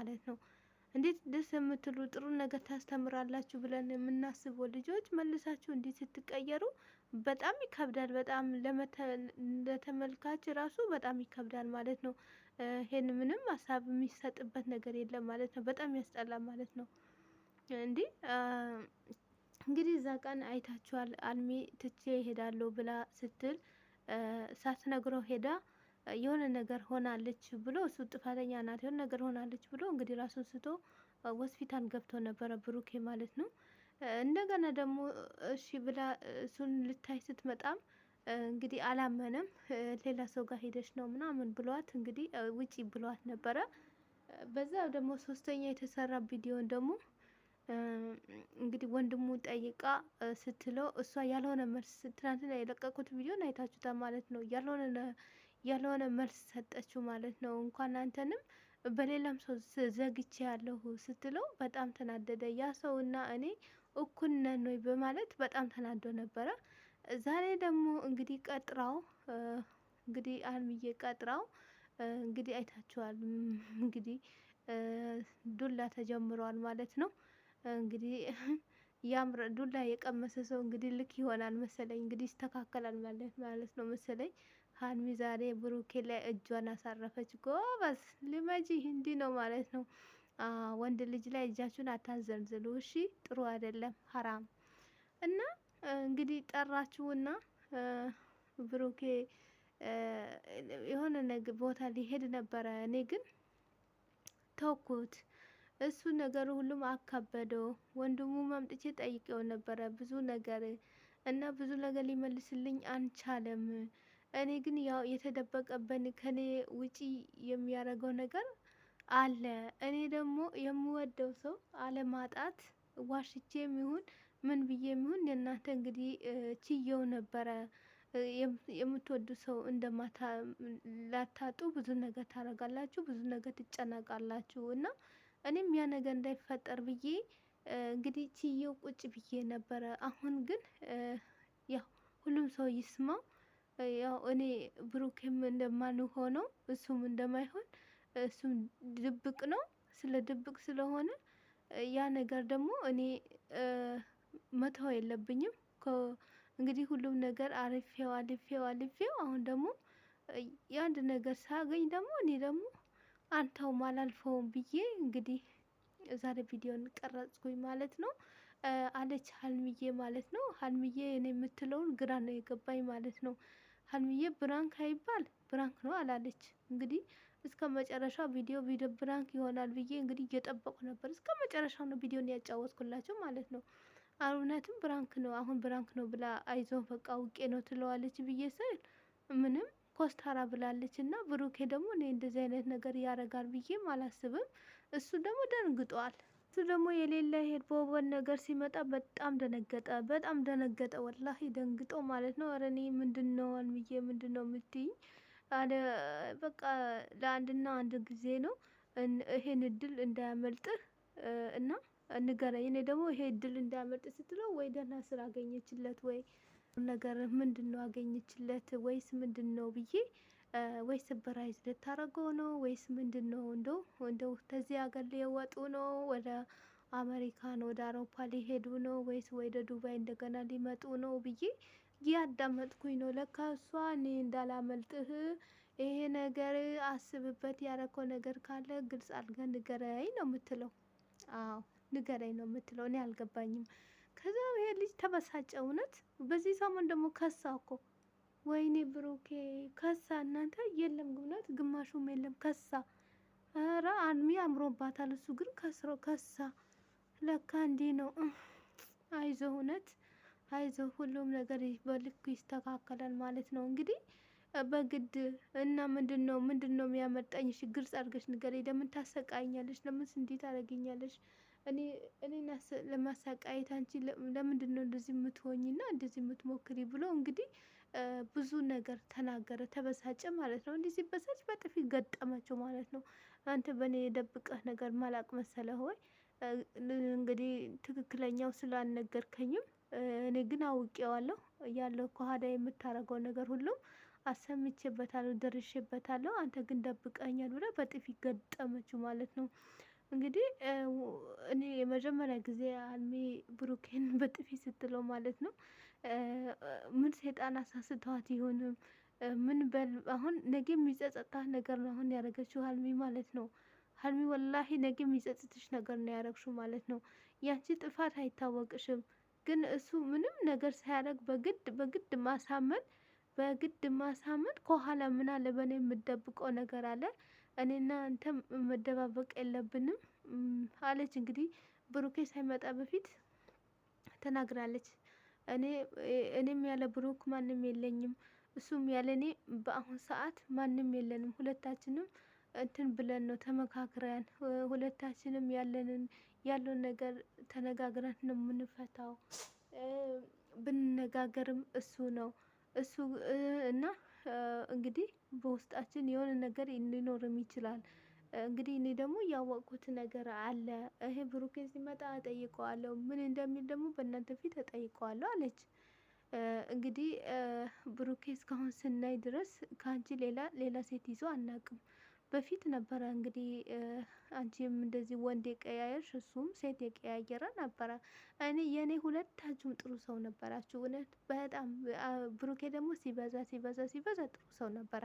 ማለት ነው። እንዴት ደስ የምትሉ ጥሩ ነገር ታስተምራላችሁ ብለን የምናስበው ልጆች መልሳችሁ እንዴት ስትቀየሩ በጣም ይከብዳል። በጣም ለተመልካች ራሱ በጣም ይከብዳል ማለት ነው። ይሄን ምንም ሀሳብ የሚሰጥበት ነገር የለም ማለት ነው። በጣም ያስጠላል ማለት ነው። እንዲህ እንግዲህ እዛ ቀን አይታችኋል። አልሚ ትቼ ይሄዳለሁ ብላ ስትል ሳትነግረው ሄዳ የሆነ ነገር ሆናለች ብሎ እሱ ጥፋተኛ ናት የሆነ ነገር ሆናለች ብሎ እንግዲህ ራሱን ስቶ ሆስፒታል ገብቶ ነበረ ብሩኬ ማለት ነው። እንደገና ደግሞ እሺ ብላ እሱን ልታይ ስትመጣም እንግዲህ አላመነም። ሌላ ሰው ጋር ሄደች ነው ምናምን ብሏት እንግዲህ ውጪ ብሏት ነበረ። በዛ ደግሞ ሶስተኛ የተሰራ ቪዲዮን ደግሞ እንግዲህ ወንድሙ ጠይቃ ስትለው እሷ ያልሆነ መልስ ትናንትና የለቀቁት ቪዲዮን አይታችሁታል ማለት ነው። ያልሆነ ያልሆነ መልስ ሰጠችው ማለት ነው። እንኳን አንተንም በሌላም ሰው ዘግቼ ያለሁ ስትለው በጣም ተናደደ። ያ ሰው እና እኔ እኩል ነን ወይ በማለት በጣም ተናዶ ነበረ። ዛሬ ደግሞ እንግዲህ ቀጥራው እንግዲህ አልምዬ ቀጥራው እንግዲህ አይታችኋል። እንግዲህ ዱላ ተጀምሯል ማለት ነው። እንግዲህ ያምረ ዱላ የቀመሰ ሰው እንግዲህ ልክ ይሆናል መሰለኝ፣ እንግዲህ ይስተካከላል ማለት ነው መሰለኝ። ሀይሚ ዛሬ ብሩኬ ላይ እጇን አሳረፈች። ጎበዝ ልመጂ፣ እንዲህ ነው ማለት ነው። ወንድ ልጅ ላይ እጃችሁን አታዘንዝሉ፣ እሺ? ጥሩ አይደለም፣ ሀራም እና እንግዲህ ጠራችሁና ብሩኬ የሆነ ነገር ቦታ ሊሄድ ነበረ። እኔ ግን ተውኩት። እሱ ነገሩ ሁሉም አካበደው። ወንድሙ መምጥቼ ጠይቄው ነበረ ብዙ ነገር እና ብዙ ነገር ሊመልስልኝ አንቻለም። እኔ ግን ያው የተደበቀብን ከኔ ውጪ የሚያደርገው ነገር አለ። እኔ ደግሞ የምወደው ሰው አለማጣት ዋሽቼ የሚሆን ምን ብዬ የሚሆን የእናንተ እንግዲህ ችየው ነበረ። የምትወዱ ሰው እንደማታ ላታጡ ብዙ ነገር ታደርጋላችሁ፣ ብዙ ነገር ትጨነቃላችሁ። እና እኔም ያ ነገር እንዳይፈጠር ብዬ እንግዲህ ችየው ቁጭ ብዬ ነበረ። አሁን ግን ያው ሁሉም ሰው ይስማው ያው እኔ ብሩኬም እንደማንሆነው እሱም እንደማይሆን እሱም ድብቅ ነው። ስለ ድብቅ ስለሆነ ያ ነገር ደግሞ እኔ መተው የለብኝም። እንግዲህ ሁሉም ነገር አልፌው አልፌው አልፌው አሁን ደግሞ የአንድ ነገር ሳገኝ ደግሞ እኔ ደግሞ አንተውም አላልፈውም ብዬ እንግዲህ ዛሬ ቪዲዮን ቀረጽኩኝ ማለት ነው አለች ሀልምዬ ማለት ነው። ሀልምዬ እኔ የምትለውን ግራ ነው የገባኝ ማለት ነው። ሀልሚዬ ብራንክ አይባል ብራንክ ነው አላለች። እንግዲህ እስከ መጨረሻ ቪዲዮ ቪዲዮ ብራንክ ይሆናል ብዬ እንግዲህ እየጠበቁ ነበር። እስከ መጨረሻ ነው ቪዲዮን ያጫወትኩላቸው ማለት ነው። እውነትም ብራንክ ነው አሁን ብራንክ ነው ብላ አይዞ በቃ ውቄ ነው ትለዋለች ብዬ ስል ምንም ኮስታራ ብላለች። እና ብሩኬ ደግሞ እኔ እንደዚህ አይነት ነገር ያደርጋል ብዬም አላስብም። እሱ ደግሞ ደንግጧል። እሱ ደግሞ የሌለ ሄድ በወን ነገር ሲመጣ በጣም ደነገጠ። በጣም ደነገጠ። ወላሂ ደንግጦ ማለት ነው። ኧረ እኔ ምንድን ነው አልምዬ ምንድን ነው የምትይኝ? አለ በቃ ለአንድና አንድ ጊዜ ነው ይሄን እድል እንዳያመልጥህ እና ንገረኝ። እኔ ደግሞ ይሄ እድል እንዳያመልጥ ስትለው ወይ ደህና ስራ አገኘችለት ወይ ነገር ምንድን ነው አገኘችለት ወይስ ምንድን ነው ብዬ ወይስ ስብራይዝ ልታረገው ነው ወይስ ምንድን ነው? እንደው እንደው ከዚህ ሀገር ሊወጡ ነው ወደ አሜሪካን ወደ አውሮፓ ሊሄዱ ነው ወይስ ወደ ዱባይ እንደገና ሊመጡ ነው ብዬ እያዳመጥኩኝ ነው። ለካ እሷ እኔ እንዳላመልጥህ ይሄ ነገር አስብበት፣ ያረከው ነገር ካለ ግልጽ አድርገ ንገረኝ ነው የምትለው። አዎ ንገረኝ ነው የምትለው። እኔ አልገባኝም። ከዛ ይሄ ልጅ ተበሳጨ። እውነት በዚህ ሰሞን ደግሞ ከሳ እኮ ወይኔ ብሩኬ ከሳ እናንተ የለም ግብነት ግማሹም የለም ከሳ። ኧረ አልሚ አምሮባታል። እሱ ግን ከስሮ ከሳ። ለካ እንዲህ ነው። አይዞ እውነት አይዞ። ሁሉም ነገር በልኩ ይስተካከላል ማለት ነው እንግዲህ በግድ እና ምንድን ነው ምንድን ነው የሚያመጣኝ? እሺ ግልጽ አድርገሽ ንገሪኝ። ለምን ታሰቃኛለሽ? ለምን እንዴት ታደርጊኛለሽ? እኔ እኔ ለማሰቃየት አንቺ ለምንድን ነው እንደዚህ የምትሆኝና እንደዚህ የምትሞክሪ ብሎ እንግዲህ ብዙ ነገር ተናገረ፣ ተበሳጨ ማለት ነው። እንዲህ ሲበሳጭ በጥፊ ገጠመችው ማለት ነው። አንተ በእኔ የደብቀህ ነገር ማላቅ መሰለ ሆይ እንግዲህ ትክክለኛው ስላልነገርከኝም እኔ ግን አውቄዋለሁ ያለው ከኋላ የምታረገው ነገር ሁሉም አሰምቼበታለሁ፣ ደርሼበታለሁ። አንተ ግን ደብቀኛል ብላ በጥፊ ገጠመችው ማለት ነው። እንግዲህ እኔ የመጀመሪያ ጊዜ ሀልሜ ብሩኬን በጥፊ ስትለው ማለት ነው ምን ሴጣን አሳስተዋት ይሆንም ምን በል አሁን ነገ የሚጸጸታ ነገር ነው አሁን ያደረገችው ሀልሜ ማለት ነው። ሀልሜ ወላሂ ነገ የሚጸጽትሽ ነገር ነው ያደረግሽው ማለት ነው። ያንቺ ጥፋት አይታወቅሽም፣ ግን እሱ ምንም ነገር ሳያደርግ በግድ በግድ ማሳመን በግድ ማሳመን ከኋላ ምን አለ በእኔ የምደብቀው ነገር አለ እኔና አንተ መደባበቅ የለብንም አለች። እንግዲህ ብሩኬ ሳይመጣ በፊት ተናግራለች። እኔም ያለ ብሩክ ማንም የለኝም፣ እሱም ያለ እኔ በአሁን ሰዓት ማንም የለንም። ሁለታችንም እንትን ብለን ነው ተመካክረን፣ ሁለታችንም ያለንን ያለውን ነገር ተነጋግረን ነው የምንፈታው። ብንነጋገርም እሱ ነው እሱ እና እንግዲህ በውስጣችን የሆነ ነገር ሊኖርም ይችላል። እንግዲህ እኔ ደግሞ ያወቅኩት ነገር አለ ይሄ ብሩኬ ሲመጣ እጠይቀዋለሁ ምን እንደሚል ደግሞ በእናንተ ፊት እጠይቀዋለሁ አለች። እንግዲህ ብሩኬ እስካሁን ስናይ ድረስ ከአንቺ ሌላ ሌላ ሴት ይዞ አናውቅም። በፊት ነበረ እንግዲህ አንቺም እንደዚህ ወንድ የቀያየርሽ እሱም ሴት የቀያየረ ነበረ። እኔ የእኔ ሁለታችሁም ጥሩ ሰው ነበራችሁ፣ እውነት በጣም ብሩኬ ደግሞ ሲበዛ ሲበዛ ሲበዛ ጥሩ ሰው ነበረ።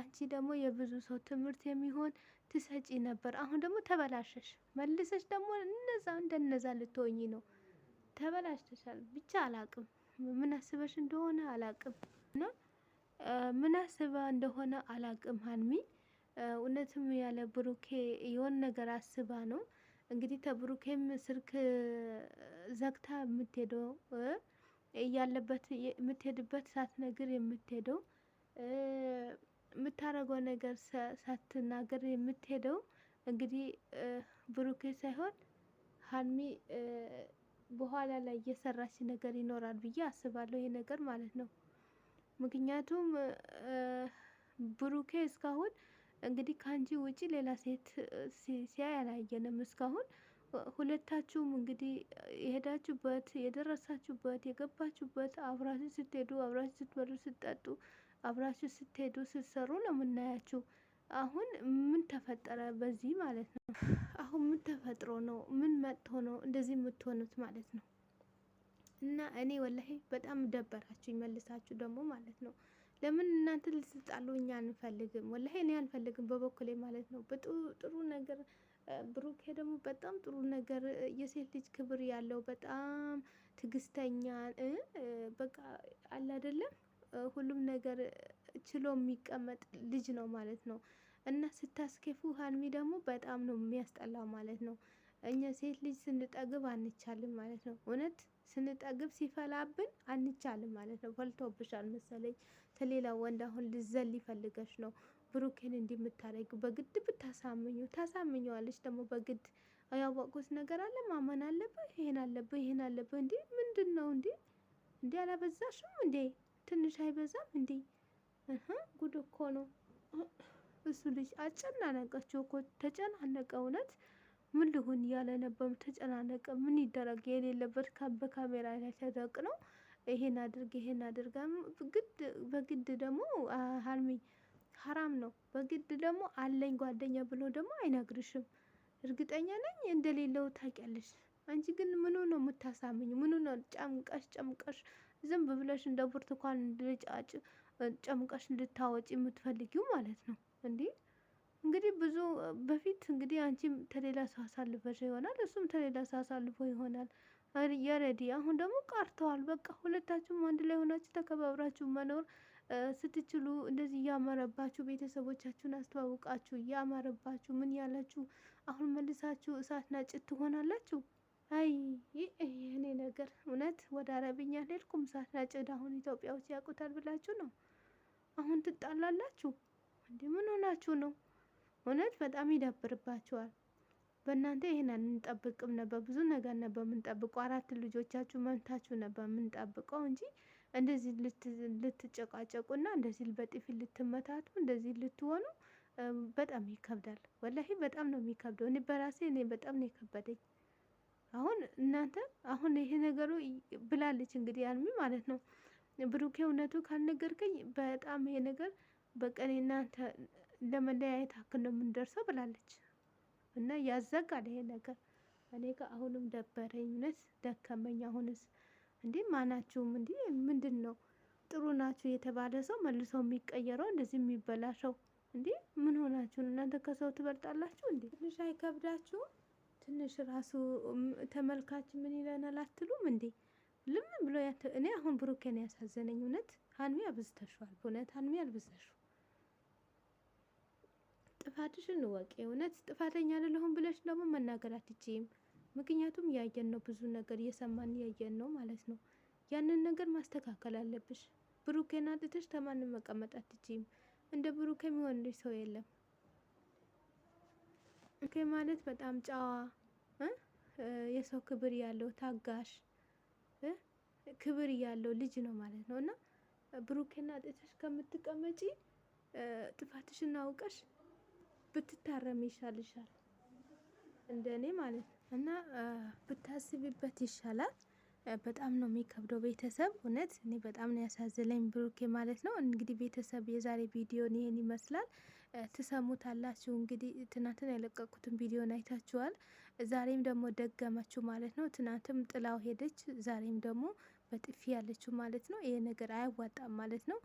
አንቺ ደግሞ የብዙ ሰው ትምህርት የሚሆን ትሰጪ ነበር። አሁን ደግሞ ተበላሸሽ፣ መልሰሽ ደግሞ እነዛ እንደነዛ ልትሆኝ ነው። ተበላሽተሻል። ብቻ አላቅም ምን አስበሽ እንደሆነ አላቅም እና ምን አስባ እንደሆነ አላቅም ሀልሚ እውነትም ያለ ብሩኬ የሆን ነገር አስባ ነው እንግዲህ ተብሩኬም ስልክ ዘግታ የምትሄደው ያለበት የምትሄድበት ሳትነግር የምትሄደው የምታደርገው ነገር ሳትናገር የምትሄደው እንግዲህ ብሩኬ ሳይሆን ሀልሚ በኋላ ላይ እየሰራች ነገር ይኖራል ብዬ አስባለሁ። ይህ ነገር ማለት ነው። ምክንያቱም ብሩኬ እስካሁን እንግዲህ ከአንቺ ውጪ ሌላ ሴት ሲያይ አላየንም እስካሁን። ሁለታችሁም እንግዲህ የሄዳችሁበት የደረሳችሁበት የገባችሁበት አብራችሁ ስትሄዱ አብራችሁ ስትበሉ ስትጠጡ አብራችሁ ስትሄዱ ስትሰሩ ነው የምናያችሁ። አሁን ምን ተፈጠረ በዚህ ማለት ነው? አሁን ምን ተፈጥሮ ነው? ምን መጥቶ ነው እንደዚህ የምትሆኑት ማለት ነው? እና እኔ ወላሂ በጣም ደበራችሁ ይመልሳችሁ ደግሞ ማለት ነው። ለምን እናንተ ልትጣሉ እኛ አንፈልግም። ወላሂ እኔ አንፈልግም በበኩሌ ማለት ነው። ጥሩ ነገር ብሩኬ ደግሞ በጣም ጥሩ ነገር የሴት ልጅ ክብር ያለው በጣም ትግስተኛ በቃ አለ አይደለም ሁሉም ነገር ችሎ የሚቀመጥ ልጅ ነው ማለት ነው። እና ስታስኬፉ ሀልሚ ደግሞ በጣም ነው የሚያስጠላው ማለት ነው። እኛ ሴት ልጅ ስንጠግብ አንቻልም ማለት ነው። እውነት ስንጠግብ ሲፈላብን አንቻልም ማለት ነው። ፈልቶብሻል መሰለኝ ከሌላ ወንድ አሁን ልዘል ሊፈልገች ነው ብሩኬን እንዲምታደረግ በግድ ብታሳምኙ ታሳምኘዋለች። ደግሞ በግድ ያወቁት ነገር አለ ማመን አለብህ። ይሄን አለብህ፣ ይሄን አለብህ። እንዴ ምንድን ነው እንዴ? እንዴ አላበዛሽም እንዴ? ትንሽ አይበዛም እንዴ? ጉድ እኮ ነው እሱ ልጅ። አጨናነቀችው እኮ ተጨናነቀ እውነት ምን ልሁን እያለ ተጨናነቀ። ምን ይደረግ የሌለበት በካሜራ ላይ ተደቅ ነው። ይሄን አድርግ ይሄን አድርግ ግድ በግድ ደግሞ ሀልሚ ሀራም ነው። በግድ ደግሞ አለኝ ጓደኛ ብሎ ደግሞ አይነግርሽም። እርግጠኛ ነኝ እንደሌለው ታውቂያለሽ። አንቺ ግን ምኑ ነው የምታሳምኝ? ምኑ ነው ጨምቀሽ ጨምቀሽ ዝም ብለሽ እንደ ብርቱካን እንድጫጭ ጨምቀሽ እንድታወጪ የምትፈልጊው ማለት ነው እንዴ? እንግዲህ ብዙ በፊት እንግዲህ አንቺም ተሌላ ሰው አሳልፈሽ ይሆናል፣ እሱም ተሌላ ሰው አሳልፎ ይሆናል። የረዲ አሁን ደግሞ ቀርተዋል። በቃ ሁለታችሁም አንድ ላይ ሆናችሁ ተከባብራችሁ መኖር ስትችሉ እንደዚህ እያማረባችሁ ቤተሰቦቻችሁን አስተዋውቃችሁ እያማረባችሁ ምን ያላችሁ አሁን መልሳችሁ እሳት ናጭት ትሆናላችሁ። አይ እኔ ነገር እውነት ወደ አረብኛ ሄድኩም እሳት ናጭድ አሁን ኢትዮጵያ ውስጥ ያውቁታል ብላችሁ ነው አሁን ትጣላላችሁ እንዴ? ምን ሆናችሁ ነው? እውነት በጣም ይዳብርባቸዋል። በእናንተ ይህን አንጠብቅም ነበር። ብዙ ነገር ነበር የምንጠብቀው። አራት ልጆቻችሁ መምታችሁ ነበር የምንጠብቀው እንጂ እንደዚህ ልትጨቃጨቁና እንደዚህ በጥፊ ልትመታቱ እንደዚህ ልትሆኑ በጣም ይከብዳል። ወላሂ በጣም ነው የሚከብደው። እኔ በራሴ እኔ በጣም ነው የከበደኝ። አሁን እናንተ አሁን ይሄ ነገሩ ብላለች እንግዲህ ያልሚ ማለት ነው ብሩኬ፣ እውነቱ ካልነገርከኝ በጣም ይሄ ነገር በቀን እናንተ ለመለያየት አክል ነው የምንደርሰው ብላለች። እና ያዘጋል ይሄ ነገር እኔ ጋር አሁንም ደበረኝ፣ እውነት ደከመኝ። አሁንስ እንዴ ማናችሁም እንዲ ምንድን ነው ጥሩ ናችሁ የተባለ ሰው መልሶ የሚቀየረው እንደዚህ የሚበላሸው እንዴ? ምን ሆናችሁ እናንተ ከሰው ትበልጣላችሁ እንዴ? ትንሽ አይከብዳችሁ? ትንሽ ራሱ ተመልካች ምን ይለናል አትሉም እንዴ? ልምን ብሎ እኔ አሁን ብሩኬን ያሳዘነኝ እውነት ሀንሚ አብዝተሸዋል። በእውነት ሀንሚ አልብዝተሸዋል። ጥፋትሽን እወቂ። እውነት ጥፋተኛ አይደለሁም ብለሽ ደግሞ መናገር አትችይም። ምክንያቱም ያየን ነው ብዙ ነገር እየሰማን ያየን ነው ማለት ነው። ያንን ነገር ማስተካከል አለብሽ። ብሩኬን አጥተሽ ተማንም መቀመጥ አትችይም። እንደ ብሩኬ የሚሆንልሽ ሰው የለም። ብሩኬ ማለት በጣም ጨዋ የሰው ክብር ያለው ታጋሽ ክብር ያለው ልጅ ነው ማለት ነው። እና ብሩኬን አጥተሽ ከምትቀመጪ ጥፋትሽን አውቀሽ ብትታረም ይሻልሻል፣ እንደኔ ማለት ነው። እና ብታስብበት ይሻላል። በጣም ነው የሚከብደው። ቤተሰብ እውነት እኔ በጣም ነው ያሳዝለኝ ብሩኬ ማለት ነው። እንግዲህ ቤተሰብ የዛሬ ቪዲዮን ይህን ይመስላል። ትሰሙታላችሁ እንግዲህ ትናንትና የለቀቁትን ቪዲዮን አይታችኋል። ዛሬም ደግሞ ደገመችው ማለት ነው። ትናንትም ጥላው ሄደች፣ ዛሬም ደግሞ በጥፊ ያለችው ማለት ነው። ይሄ ነገር አያዋጣም ማለት ነው።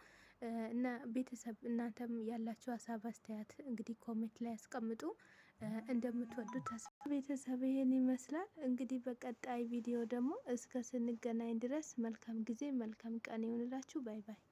እና ቤተሰብ እናንተም ያላችሁ ሀሳብ አስተያየት እንግዲህ ኮሜንት ላይ አስቀምጡ እንደምትወዱ ተስፋ ቤተሰብ ይህን ይመስላል። እንግዲህ በቀጣይ ቪዲዮ ደግሞ እስከ ስንገናኝ ድረስ መልካም ጊዜ መልካም ቀን ይሁንላችሁ። ባይ ባይ።